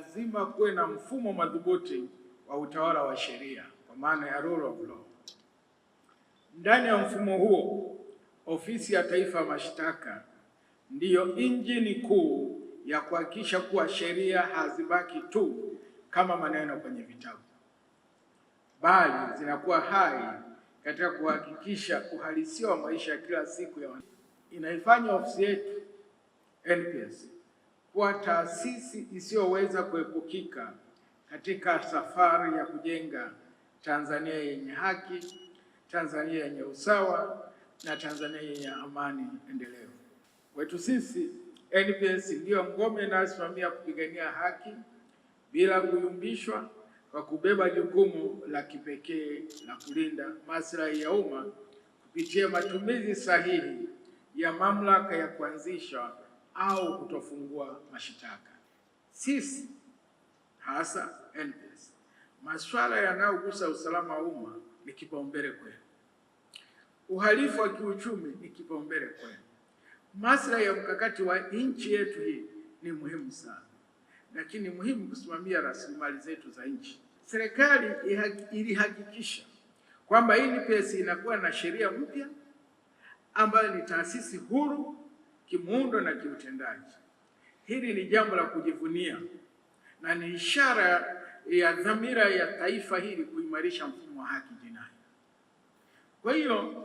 lazima kuwe na mfumo madhubuti wa utawala wa sheria kwa maana ya rule of law. Ndani ya mfumo huo, ofisi ya taifa ya mashtaka ndiyo injini kuu ya kuhakikisha kuwa sheria hazibaki tu kama maneno kwenye vitabu, bali zinakuwa hai katika kuhakikisha uhalisia wa maisha ya kila siku ya inaifanya ofisi yetu NPS kuwa taasisi isiyoweza kuepukika katika safari ya kujenga Tanzania yenye haki, Tanzania yenye usawa na Tanzania yenye amani endelevu. Kwetu sisi NPS ndiyo ngome inayosimamia kupigania haki bila kuyumbishwa kwa kubeba jukumu la kipekee la kulinda maslahi ya umma kupitia matumizi sahihi ya mamlaka ya kuanzisha au kutofungua mashitaka. Sisi hasa NPS, masuala yanayogusa usalama wa umma ni kipaumbele kwenu, uhalifu wa kiuchumi ni kipaumbele kwenu. Maslahi ya mkakati wa nchi yetu hii ni muhimu sana, lakini muhimu kusimamia rasilimali zetu za nchi. Serikali ilihakikisha kwamba NPS inakuwa na sheria mpya ambayo ni taasisi huru kimuundo na kiutendaji. Hili ni jambo la kujivunia na ni ishara ya dhamira ya taifa hili kuimarisha mfumo wa haki jinai. Kwa hiyo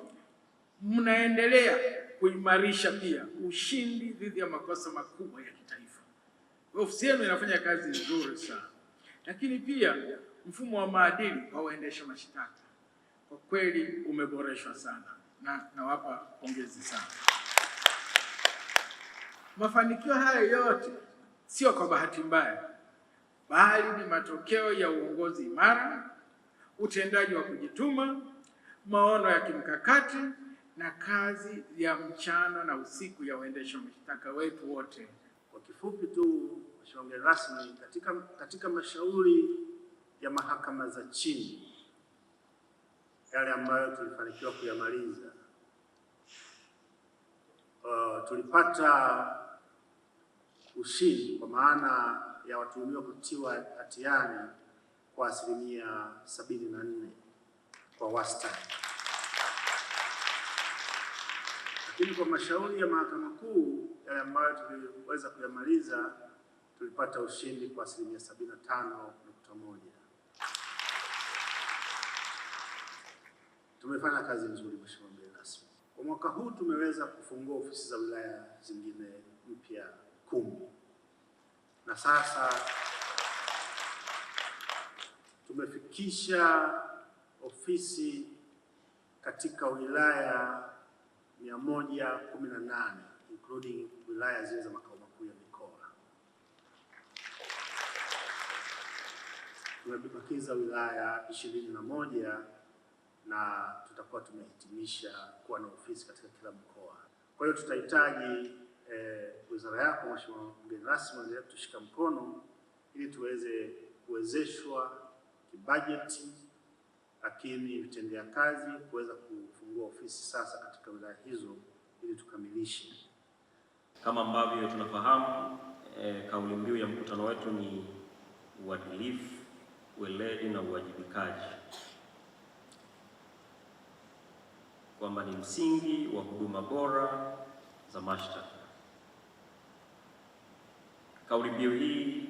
mnaendelea kuimarisha pia ushindi dhidi ya makosa makubwa ya kitaifa. Ofisi yenu inafanya kazi nzuri sana, lakini pia mfumo wa maadili wa waendesha mashtaka kwa kweli umeboreshwa sana na nawapa pongezi sana. Mafanikio haya yote sio kwa bahati mbaya, bali ni matokeo ya uongozi imara, utendaji wa kujituma, maono ya kimkakati na kazi ya mchana na usiku ya waendesha mashtaka wetu wote. Kwa kifupi tu, Mheshimiwa mgeni rasmi, katika, katika mashauri ya mahakama za chini yale ambayo tulifanikiwa kuyamaliza, uh, tulipata ushindi kwa maana ya watuhumiwa kutiwa hatiani kwa asilimia sabini na nne kwa wastani. Lakini kwa mashauri ya mahakama kuu yale ambayo tuliweza kuyamaliza tulipata ushindi kwa asilimia sabini na tano nukta moja. Tumefanya kazi nzuri, Mheshimiwa mgeni rasmi. Kwa mwaka huu tumeweza kufungua ofisi za wilaya zingine mpya na sasa tumefikisha ofisi katika wilaya mia moja kumi na nane including wilaya zile za makao makuu ya mikoa. Tumebakiza wilaya ishirini na moja na tutakuwa tumehitimisha kuwa na ofisi katika kila mkoa. Kwa hiyo tutahitaji wizara eh, yako Mheshimiwa mgeni rasmi, endelea kutushika mkono ili tuweze kuwezeshwa kibajeti, lakini vitendea kazi kuweza kufungua ofisi sasa katika wilaya hizo ili tukamilishe. Kama ambavyo tunafahamu eh, kauli mbiu ya mkutano wetu ni uadilifu, weledi na uwajibikaji, kwamba ni msingi wa huduma bora za mashtaka. Kauli mbiu hii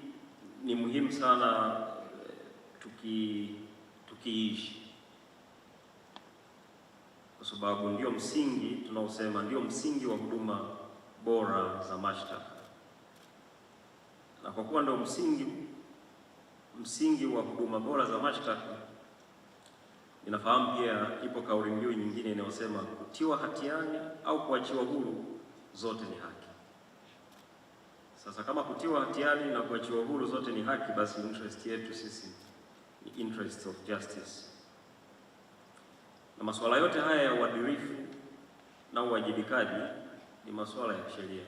ni muhimu sana eh, tuki tukiishi, kwa sababu ndio msingi tunaosema ndio msingi wa huduma bora za mashtaka, na kwa kuwa ndio msingi msingi wa huduma bora za mashtaka, ninafahamu pia ipo kauli mbiu nyingine inayosema kutiwa hatiani au kuachiwa huru, zote ni haki. Sasa kama kutiwa hatiani na kuachiwa huru zote ni haki, basi interest yetu sisi ni interest of justice. Na masuala yote haya ya uadilifu na uwajibikaji ni masuala ya sheria.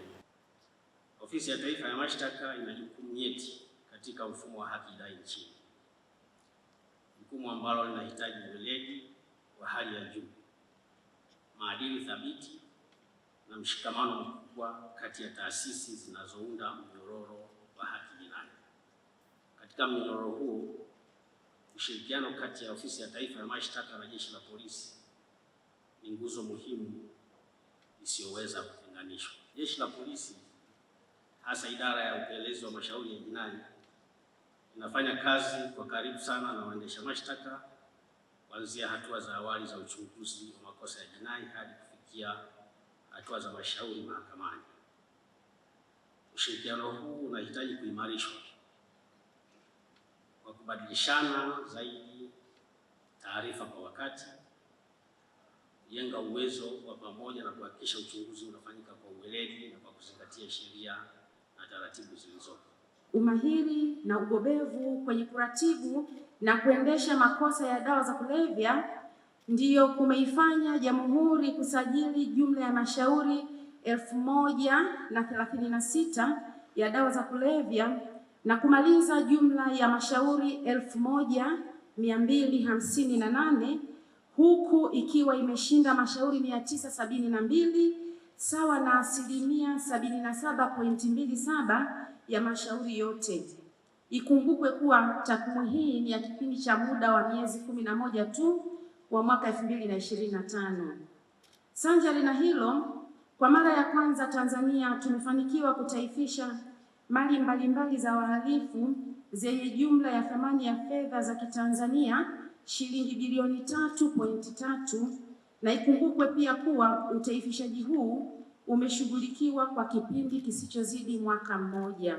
Ofisi ya Taifa ya Mashtaka ina jukumu nyeti katika mfumo wa haki idai nchini, jukumu ambalo linahitaji weledi wa hali ya juu, maadili thabiti na mshikamano mkubwa kati ya taasisi zinazounda mnyororo wa haki jinai. Katika mnyororo huu, ushirikiano kati ya Ofisi ya Taifa ya Mashtaka na Jeshi la Polisi ni nguzo muhimu isiyoweza kutenganishwa. Jeshi la Polisi, hasa idara ya upelelezi wa mashauri ya jinai, inafanya kazi kwa karibu sana na waendesha mashtaka kuanzia hatua za awali za uchunguzi wa makosa ya jinai hadi kufikia hatua za mashauri mahakamani. Ushirikiano huu unahitaji kuimarishwa kwa kubadilishana zaidi taarifa kwa wakati, kujenga uwezo wa pamoja na kuhakikisha uchunguzi unafanyika kwa uweledi na kwa kuzingatia sheria na taratibu zilizopo. Umahiri na ubobevu kwenye kuratibu na kuendesha makosa ya dawa za kulevya ndiyo kumeifanya jamhuri kusajili jumla ya mashauri elfu moja na thelathini na sita ya dawa za kulevya na kumaliza jumla ya mashauri elfu moja mia mbili hamsini na nane huku ikiwa imeshinda mashauri mia tisa sabini na mbili sawa na asilimia sabini na saba pointi mbili saba ya mashauri yote. Ikumbukwe kuwa takwimu hii ni ya kipindi cha muda wa miezi kumi na moja tu wa mwaka 2025. Sanjari na hilo, kwa mara ya kwanza Tanzania tumefanikiwa kutaifisha mali mbalimbali za wahalifu zenye jumla ya thamani ya fedha za Kitanzania shilingi bilioni 3.3 na ikumbukwe pia kuwa utaifishaji huu umeshughulikiwa kwa kipindi kisichozidi mwaka mmoja.